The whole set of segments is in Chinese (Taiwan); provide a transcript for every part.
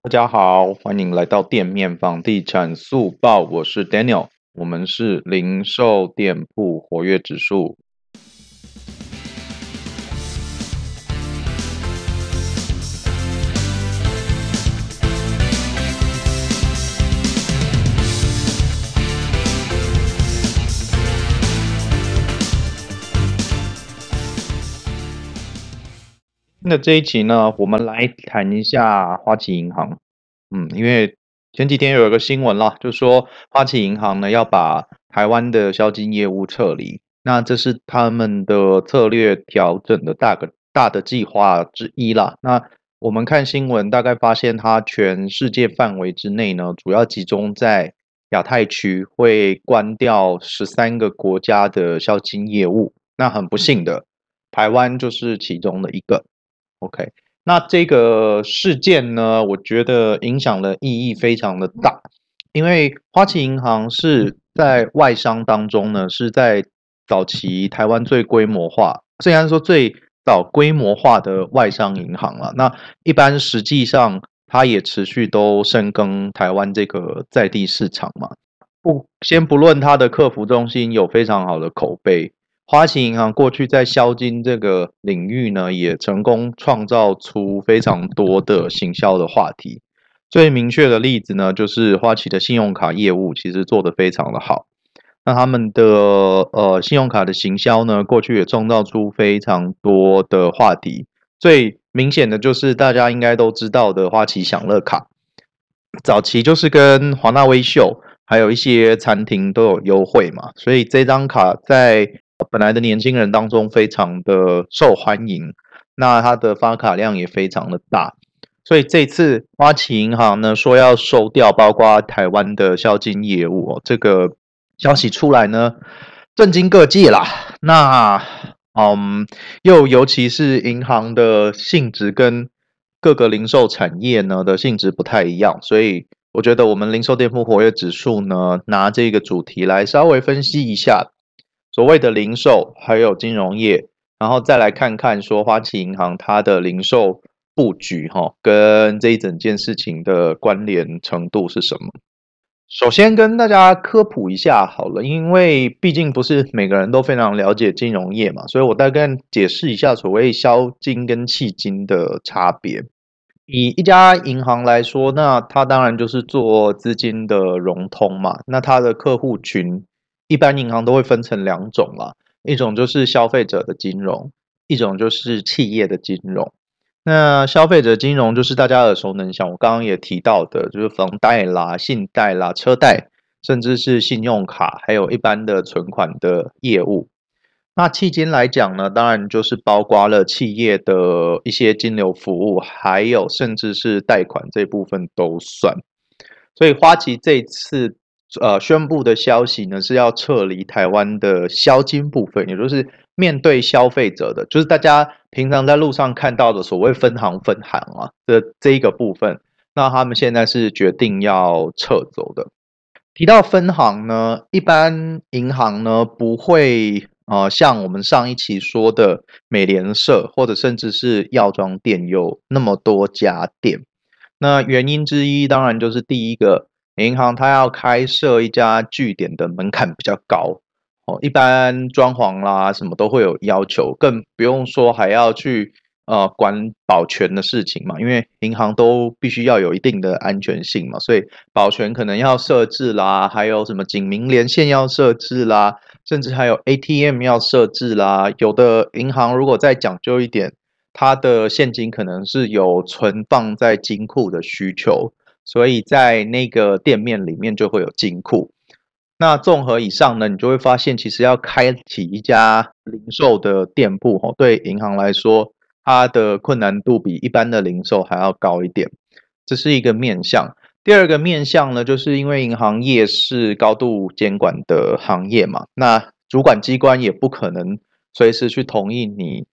大家好，歡迎來到店面房地產速報，我是 Daniel，我們是零售店鋪活躍指數。那這一期呢，我們來談一下花旗銀行。嗯，因為前幾天有一個新聞啦，就說花旗銀行呢要把台灣的消金業務撤離。那這是他們的策略調整的大個大的計劃之一啦。那我們看新聞，大概發現它全世界範圍之內呢，主要集中在亞太區，會關掉十三個國家的消金業務。那很不幸的，嗯、台灣就是其中的一個。OK，那這個事件呢，我覺得影響的意義非常的大，因為花旗銀行是在外商當中呢，是在早期台灣最規模化，雖然說最早規模化的外商銀行了。那一般實際上它也持續都深耕台灣這個在地市場嘛，不，先不論它的客服中心有非常好的口碑。花旗銀行過去在消金這個領域呢，也成功創造出非常多的行銷的話題。最明確的例子呢，就是花旗的信用卡業務其實做得非常的好。那他們的呃信用卡的行銷呢，過去也創造出非常多的話題。最明顯的就是大家應該都知道的花旗饗樂卡，早期就是跟華納威秀還有一些餐廳都有優惠嘛，所以這張卡在本來的年輕人當中非常的受歡迎，那它的發卡量也非常的大，所以這次花旗銀行呢說要收掉包括台灣的消金業務，這個消息出來呢，震驚各界啦。那嗯，又尤其是銀行的性質跟各個零售產業呢的性質不太一樣，所以我覺得我們零售店鋪活躍指數呢，拿這個主題來稍微分析一下。所謂的零售還有金融業，然後再來看看說花旗銀行它的零售布局哈，跟這一整件事情的關聯程度是什麼？首先跟大家科普一下好了，因為畢竟不是每個人都非常了解金融業嘛，所以我大概解釋一下所謂消金跟企金的差別。以一家銀行來說，那它當然就是做資金的融通嘛，那它的客戶群。一般銀行都會分成兩種了，一種就是消費者的金融，一種就是企業的金融。那消費者金融就是大家耳熟能詳，我剛剛也提到的，就是房貸啦、信貸啦、車貸，甚至是信用卡，還有一般的存款的業務。那企金來講呢，當然就是包括了企業的一些金流服務，還有甚至是貸款這部分都算。所以花旗這次。呃，宣布的消息呢，是要撤離台灣的消金部分，也就是面對消費者的，就是大家平常在路上看到的所謂分行、分行啊的這一個部分。那他們現在是決定要撤走的。提到分行呢，一般銀行呢不會呃像我們上一期說的美聯社或者甚至是藥妝店有那麼多家店，那原因之一當然就是第一個。銀行它要開設一家據點的門檻比較高哦，一般裝潢啦，什麼都會有要求，更不用說還要去，呃，管保全的事情嘛，因為銀行都必須要有一定的安全性嘛，所以保全可能要設置啦，還有什麼警民連線要設置啦，甚至還有 ATM 要設置啦。有的銀行如果再講究一點，它的現金可能是有存放在金庫的需求。所以在那個店面裡面就會有金庫。那綜合以上呢，你就會發現，其實要開啟一家零售的店鋪，哦，對銀行來說，它的困難度比一般的零售還要高一點。這是一個面向。第二個面向呢，就是因為銀行業是高度監管的行業嘛，那主管機關也不可能隨時去同意你。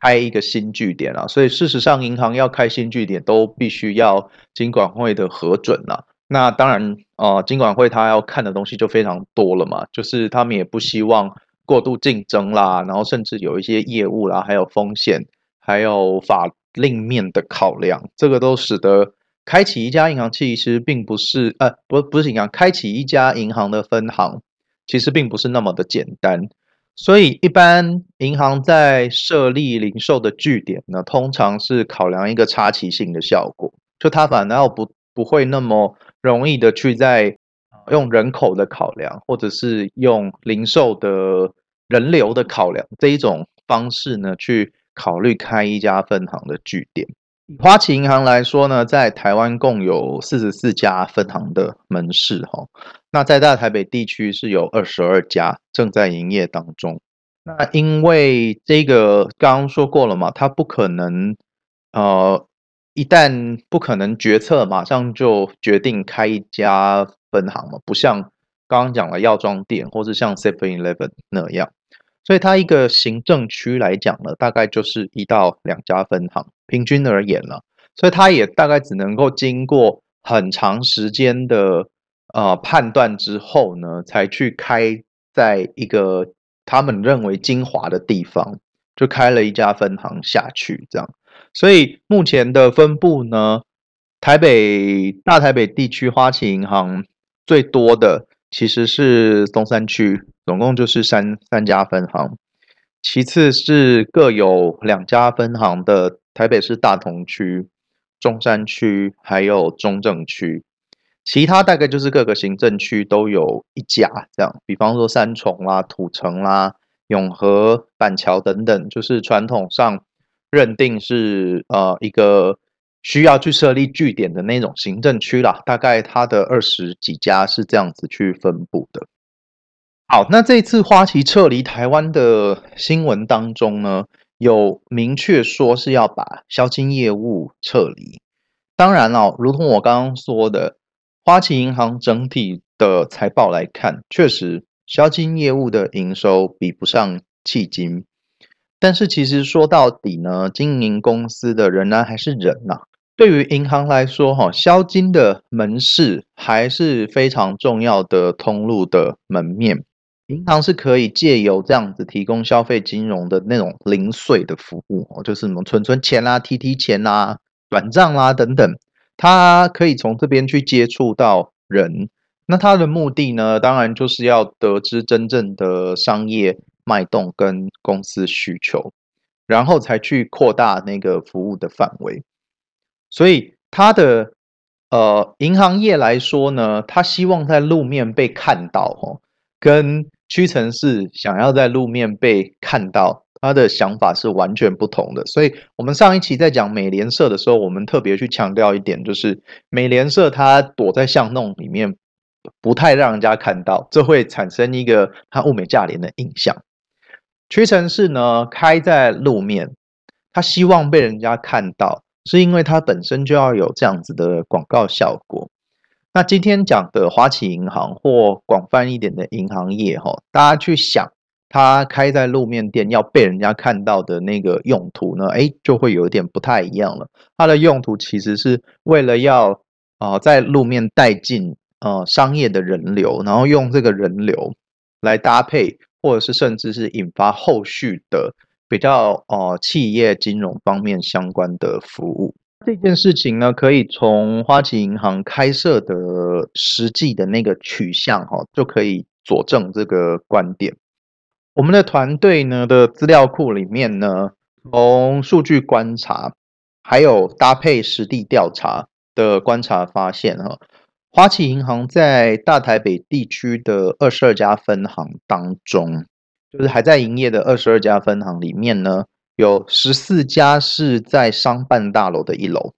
開一個新據點啊，所以事實上，銀行要開新據點都必須要金管會的核准了啊。那當然，呃，金管會他要看的東西就非常多了嘛，就是他們也不希望過度競爭啦，然後甚至有一些業務啦，還有風險，還有法令面的考量，這個都使得開啟一家銀行其實並不是，呃，不，不是銀行，開啟一家銀行的分行其實並不是那麼的簡單。所以，一般銀行在設立零售的據點呢，通常是考量一個差奇性的效果，就它反而要不不會那麼容易的去在用人口的考量，或者是用零售的人流的考量，這一種方式呢，去考慮開一家分行的據點。以花旗銀行來說呢，在台灣共有四十四家分行的門市哈，那在大台北地區是有二十二家正在營業當中。那因為這個剛剛說過了嘛，它不可能呃，一旦不可能決策馬上就決定開一家分行嘛，不像剛剛講的藥妝店或是像 Seven Eleven 那樣。所以它一個行政區來講呢，大概就是一到兩家分行，平均而言了。所以它也大概只能夠經過很長時間的呃判斷之後呢，才去開在一個他們認為精華的地方，就開了一家分行下去這樣。所以目前的分布呢，台北大台北地區花旗銀行最多的其實是東山區。總共就是三三家分行，其次是各有兩家分行的台北市大同區、中山區，還有中正區。其他大概就是各個行政區都有一家這樣，比方說三重啦、啊、土城啦、啊、永和、板橋等等，就是傳統上認定是呃一個需要去設立據點的那種行政區啦。大概它的二十幾家是這樣子去分布的。好，那這次花旗撤離台灣的新聞當中呢，有明確說是要把消金業務撤離。當然了、哦，如同我剛剛說的，花旗銀行整體的財報來看，確實消金業務的營收比不上企金。但是其實說到底呢，經營公司的人呢還是人吶、啊。對於銀行來說，哈消金的門市還是非常重要的通路的門面。銀行是可以借由這樣子提供消費金融的那種零碎的服務哦，就是什麼存存錢啦、啊、提提錢啦、啊、轉賬啦等等，他可以從這邊去接觸到人。那他的目的呢，當然就是要得知真正的商業脈動跟公司需求，然後才去擴大那個服務的範圍。所以他的呃，銀行業來說呢，他希望在路面被看到哦，跟屈臣氏想要在路面被看到，他的想法是完全不同的。所以我們上一期在講美聯社的時候，我們特別去強調一點，就是美聯社它躲在巷弄裡面，不太讓人家看到，這會產生一個它物美價廉的印象。屈臣氏呢，開在路面，它希望被人家看到，是因為它本身就要有這樣子的廣告效果。那今天講的花旗銀行或廣泛一點的銀行業，哦，哈，大家去想它開在路面店要被人家看到的那個用途呢？哎，就會有一點不太一樣了。它的用途其實是為了要啊，呃，在路面帶進、呃、商業的人流，然後用這個人流來搭配，或者是甚至是引發後續的比較哦，呃，企業金融方面相關的服務。這件事情呢，可以從花旗銀行開設的實際的那個取向哈、哦，就可以佐證這個觀點。我們的團隊呢的資料庫裡面呢，從數據觀察，還有搭配實地調查的觀察發現哈、哦，花旗銀行在大台北地區的二十二家分行當中，就是還在營業的二十二家分行裡面呢。有十四家是在商辦大樓的一樓，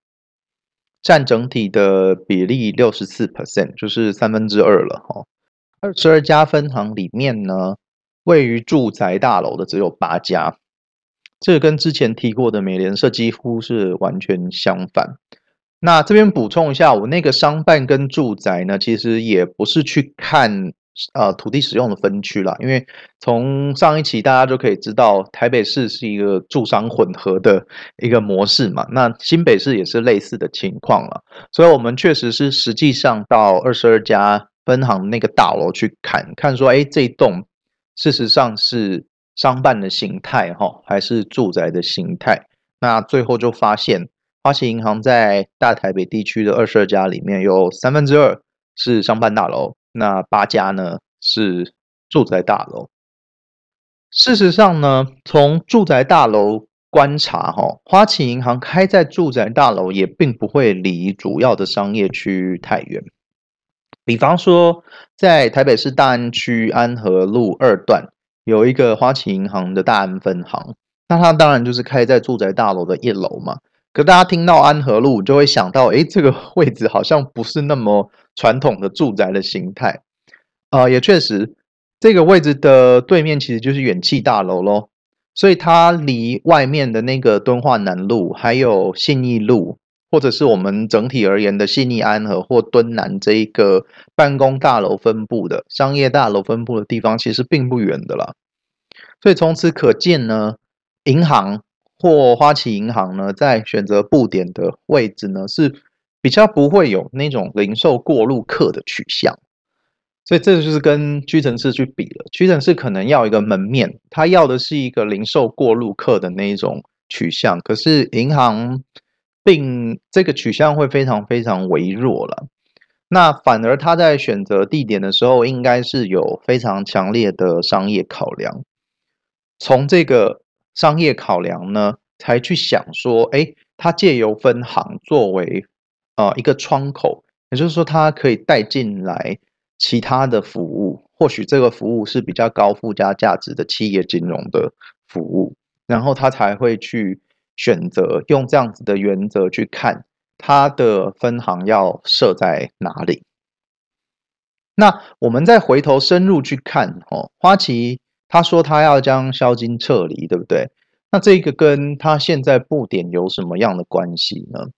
占整體的比例六十四 percent，就是三分之二了哈。二十二家分行裡面呢，位於住宅大樓的只有八家，這個跟之前提過的美聯社幾乎是完全相反。那這邊補充一下，我那個商辦跟住宅呢，其實也不是去看。呃、啊，土地使用的分區啦，因為從上一期大家就可以知道，台北市是一個住商混合的一個模式嘛，那新北市也是類似的情況了，所以我們確實是實際上到二十二家分行那個大樓去看看，說，哎，這一棟事實上是商辦的形態哈、哦，還是住宅的形態？那最後就發現，花旗銀行在大台北地區的二十二家裡面有三分之二。是商辦大樓，那八家呢是住宅大樓，事實上呢，從住宅大樓觀察，哈，花旗銀行開在住宅大樓也並不會離主要的商業區太遠。比方說，在台北市大安區安和路二段有一個花旗銀行的大安分行，那它當然就是開在住宅大樓的一樓嘛。可大家聽到安和路就會想到，誒，這個位置好像不是那麼傳統的住宅的形態，啊、呃，也確實，這個位置的對面其實就是遠企大樓嘍，所以它離外面的那個敦化南路，還有信義路，或者是我們整體而言的信義安和或敦南這一個辦公大樓分布的商業大樓分布的地方，其實並不遠的啦。所以從此可見呢，銀行或花旗銀行呢，在選擇布點的位置呢，是。比較不會有那種零售過路客的取向，所以這就是跟屈臣氏去比了。屈臣氏可能要一個門面，他要的是一個零售過路客的那一種取向，可是銀行並這個取向會非常非常微弱了。那反而他在選擇地點的時候，應該是有非常強烈的商業考量。從這個商業考量呢，才去想說，誒、欸，他借由分行作為呃，一個窗口，也就是說，它可以帶進來其他的服務，或許這個服務是比較高附加價值的企業金融的服務，然後他才會去選擇用這樣子的原則去看他的分行要設在哪裡。那我們再回頭深入去看哦，花旗他說他要將消金撤離，對不對？那這個跟他現在布點有什麼樣的關係呢？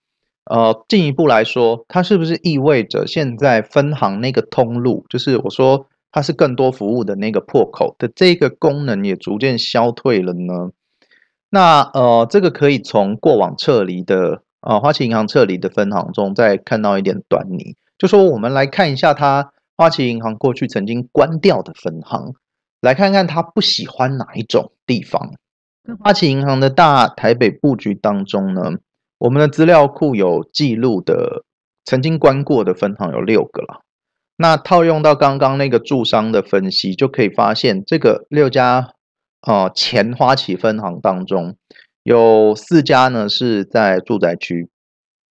呃，進一步來說，它是不是意味着現在分行那個通路，就是我說它是更多服務的那個破口的這個功能也逐漸消退了呢？那呃，這個可以從過往撤離的呃、花旗銀行撤離的分行中再看到一點端倪。就說我們來看一下它花旗銀行過去曾經關掉的分行，來看看它不喜歡哪一種地方。花旗銀行的大台北布局當中呢，我們的資料庫有記錄的曾經關過的分行有六個了。那套用到剛剛那個住商的分析，就可以發現這個六家呃前花旗分行當中，有四家呢是在住宅區，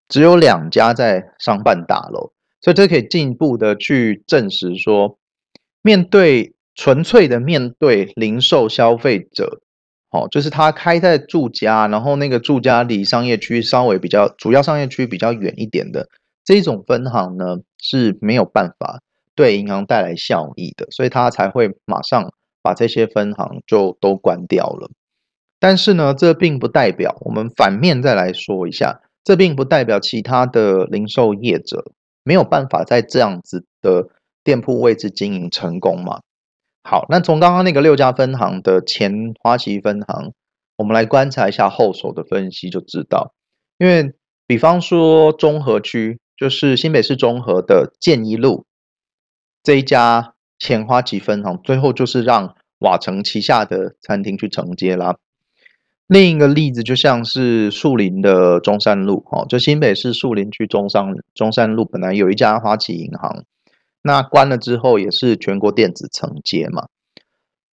只有兩家在商辦大樓。所以這可以進一步的去證實說，面對純粹的面對零售消費者。哦，就是他開在住家，然後那個住家離商業區稍微比較，主要商業區比較遠一點的這種分行呢，是沒有辦法對銀行帶來效益的，所以他才會馬上把這些分行就都關掉了。但是呢，這並不代表我們反面再來說一下，這並不代表其他的零售業者沒有辦法在這樣子的店鋪位置經營成功嘛。好，那從剛剛那個六家分行的前花旗分行，我們來觀察一下後手的分析就知道。因為比方說中和區，就是新北市中和的建一路這一家前花旗分行，最後就是讓瓦城旗下的餐廳去承接啦。另一個例子就像是樹林的中山路，哦，就新北市樹林區中山中山路，本來有一家花旗銀行。那關了之後也是全國電子承接嘛，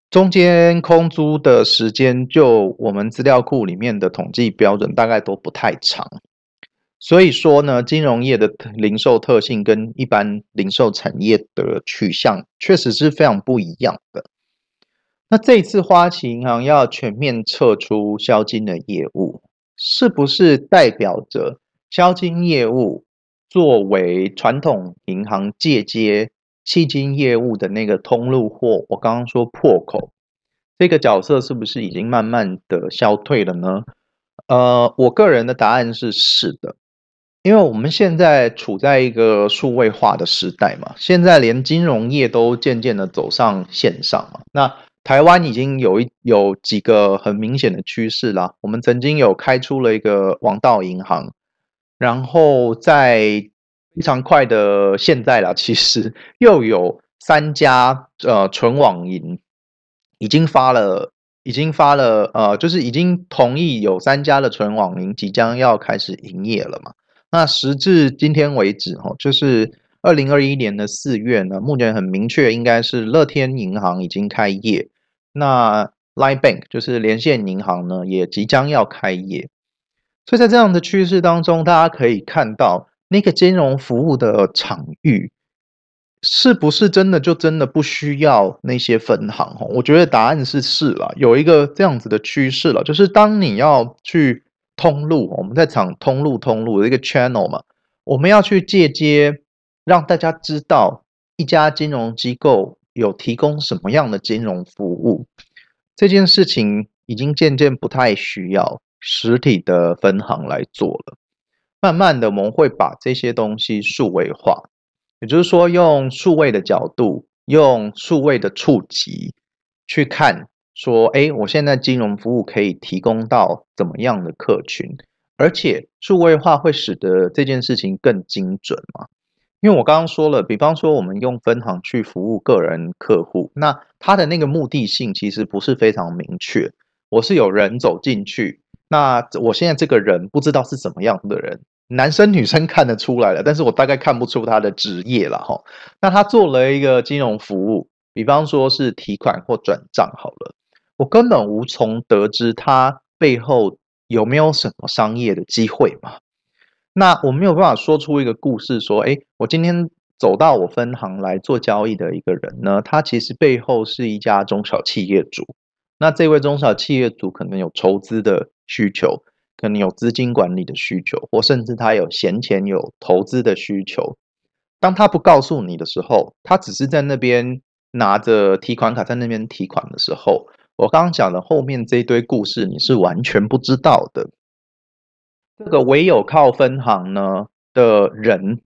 中間空租的時間，就我們資料庫裡面的統計標準大概都不太長，所以說呢，金融業的零售特性跟一般零售產業的取向確實是非常不一樣的。那這次花旗銀行要全面撤出消金的業務，是不是代表着消金業務？作為傳統銀行借接企金業務的那個通路，或我剛剛說破口這個角色是不是已經慢慢的消退了呢？呃，我個人的答案是是的，因為我們現在處在一個數位化的時代嘛，現在連金融業都漸漸的走上線上嘛。那台灣已經有一有幾個很明顯的趨勢啦，我們曾經有開出了一個王道銀行。然後在非常快的現在啦，其實又有三家呃純網銀已經發了，已經發了呃，就是已經同意有三家的純網銀即將要開始營業了嘛。那時至今天為止，哦，就是二零二一年的四月呢，目前很明確，應該是樂天銀行已經開業，那 Line Bank 就是連線銀行呢，也即將要開業。所以在這樣的趨勢當中，大家可以看到，那個金融服務的場域是不是真的就真的不需要那些分行？我覺得答案是是了，啊，有一個這樣子的趨勢了，就是當你要去通路，我們在講通路通路的一個 channel 嘛，我們要去借接、接，讓大家知道一家金融機構有提供什麼樣的金融服務，這件事情已經漸漸不太需要。實體的分行來做了，慢慢的我們會把這些東西數位化，也就是說用數位的角度，用數位的觸及去看，說，誒，我現在金融服務可以提供到怎麼樣的客群？而且數位化會使得這件事情更精準嘛。因為我剛剛說了，比方說我們用分行去服務個人客戶，那他的那個目的性其實不是非常明確，我是有人走進去。那我現在這個人不知道是怎麼樣的人，男生女生看得出來了，但是我大概看不出他的職業了哈。那他做了一個金融服務，比方說是提款或轉賬好了，我根本無從得知他背後有沒有什麼商業的機會嘛。那我沒有辦法說出一個故事說，哎，我今天走到我分行來做交易的一個人呢，他其實背後是一家中小企業主。那這位中小企業主可能有籌資的。需求，可能有資金管理的需求，或甚至他有閒錢，有投資的需求。當他不告訴你的時候，他只是在那邊拿着提款卡在那邊提款的時候，我剛剛講的後面這一堆故事你是完全不知道的。這個唯有靠分行呢的人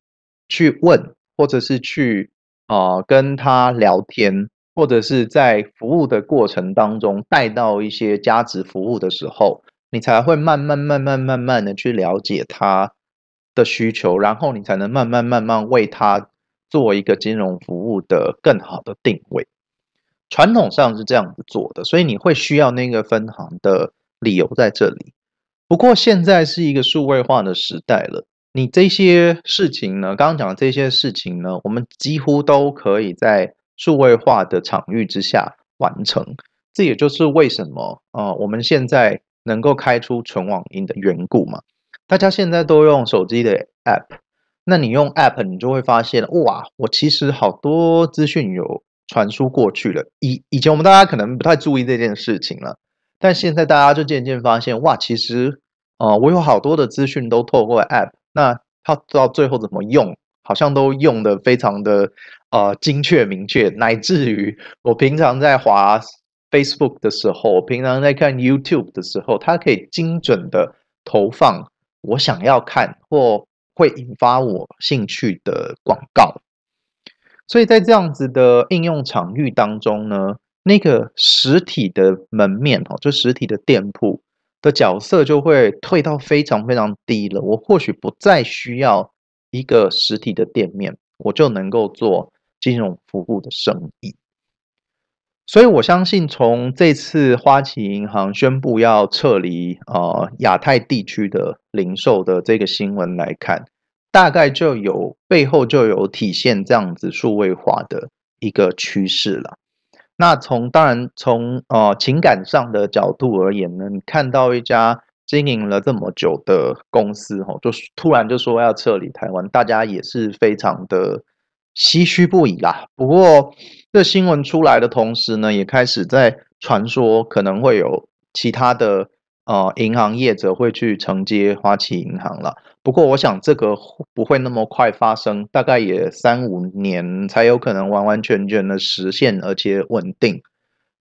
去問，或者是去啊、呃、跟他聊天，或者是在服務的過程當中帶到一些價值服務的時候。你才會慢慢慢慢慢慢的去了解他的需求，然後你才能慢慢慢慢為他做一個金融服務的更好的定位。傳統上是這樣子做的，所以你會需要那個分行的理由在這裡。不過現在是一個數位化的時代了，你這些事情呢，剛剛講的這些事情呢，我們幾乎都可以在數位化的場域之下完成。這也就是為什麼啊、呃，我們現在。能夠開出純網銀的緣故嗎？大家現在都用手機的 App，那你用 App，你就會發現，哇，我其實好多資訊有傳輸過去了。以以前我們大家可能不太注意這件事情了，但現在大家就漸漸發現，哇，其實，呃，我有好多的資訊都透過 App，那它到最後怎麼用，好像都用得非常的呃精確明確，乃至於我平常在滑。Facebook 的時候，我平常在看 YouTube 的時候，它可以精準的投放我想要看或會引發我興趣的廣告。所以在這樣子的應用場域當中呢，那個實體的門面哈，就實體的店鋪的角色就會退到非常非常低了。我或許不再需要一個實體的店面，我就能夠做金融服務的生意。所以，我相信從這次花旗銀行宣布要撤離呃亞太地區的零售的這個新聞來看，大概就有背後就有體現這樣子數位化的一個趨勢了。那從當然從呃情感上的角度而言呢，能看到一家經營了這麼久的公司，吼，就突然就說要撤離台灣，大家也是非常的。唏噓不已啦。不過，這新聞出來的同時呢，也開始在傳說可能會有其他的呃銀行業者會去承接花旗銀行了。不過我想這個不會那麼快發生，大概也三五年才有可能完完全全的實現，而且穩定。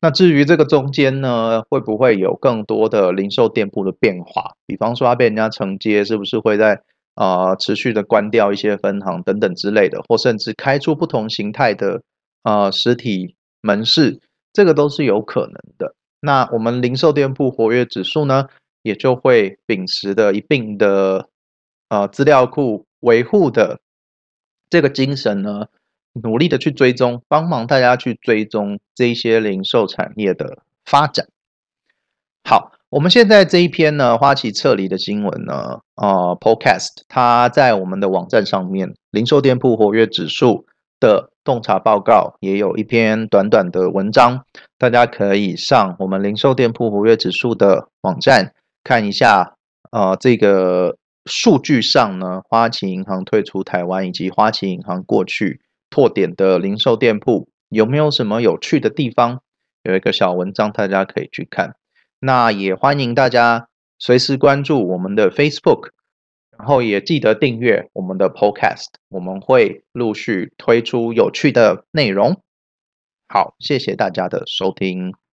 那至於這個中間呢，會不會有更多的零售店鋪的變化？比方說，他被人家承接，是不是會在？啊、呃，持續的關掉一些分行等等之類的，或甚至開出不同形態的啊、呃、實體門市，這個都是有可能的。那我們零售店鋪活躍指數呢，也就會秉持著一定的呃資料庫維護的這個精神呢，努力的去追蹤，幫忙大家去追蹤這些零售產業的發展。好。我們現在這一篇呢，花旗撤離的新聞呢，啊，呃，Podcast，它在我們的網站上面，零售店鋪活躍指數的洞察報告也有一篇短短的文章，大家可以上我們零售店鋪活躍指數的網站看一下，呃，這個數據上呢，花旗銀行退出台灣以及花旗銀行過去拓點的零售店鋪有沒有什麼有趣的地方？有一個小文章，大家可以去看。那也歡迎大家隨時關注我們的 Facebook，然後也記得訂閱我們的 Podcast，我們會陸續推出有趣的內容。好，謝謝大家的收聽。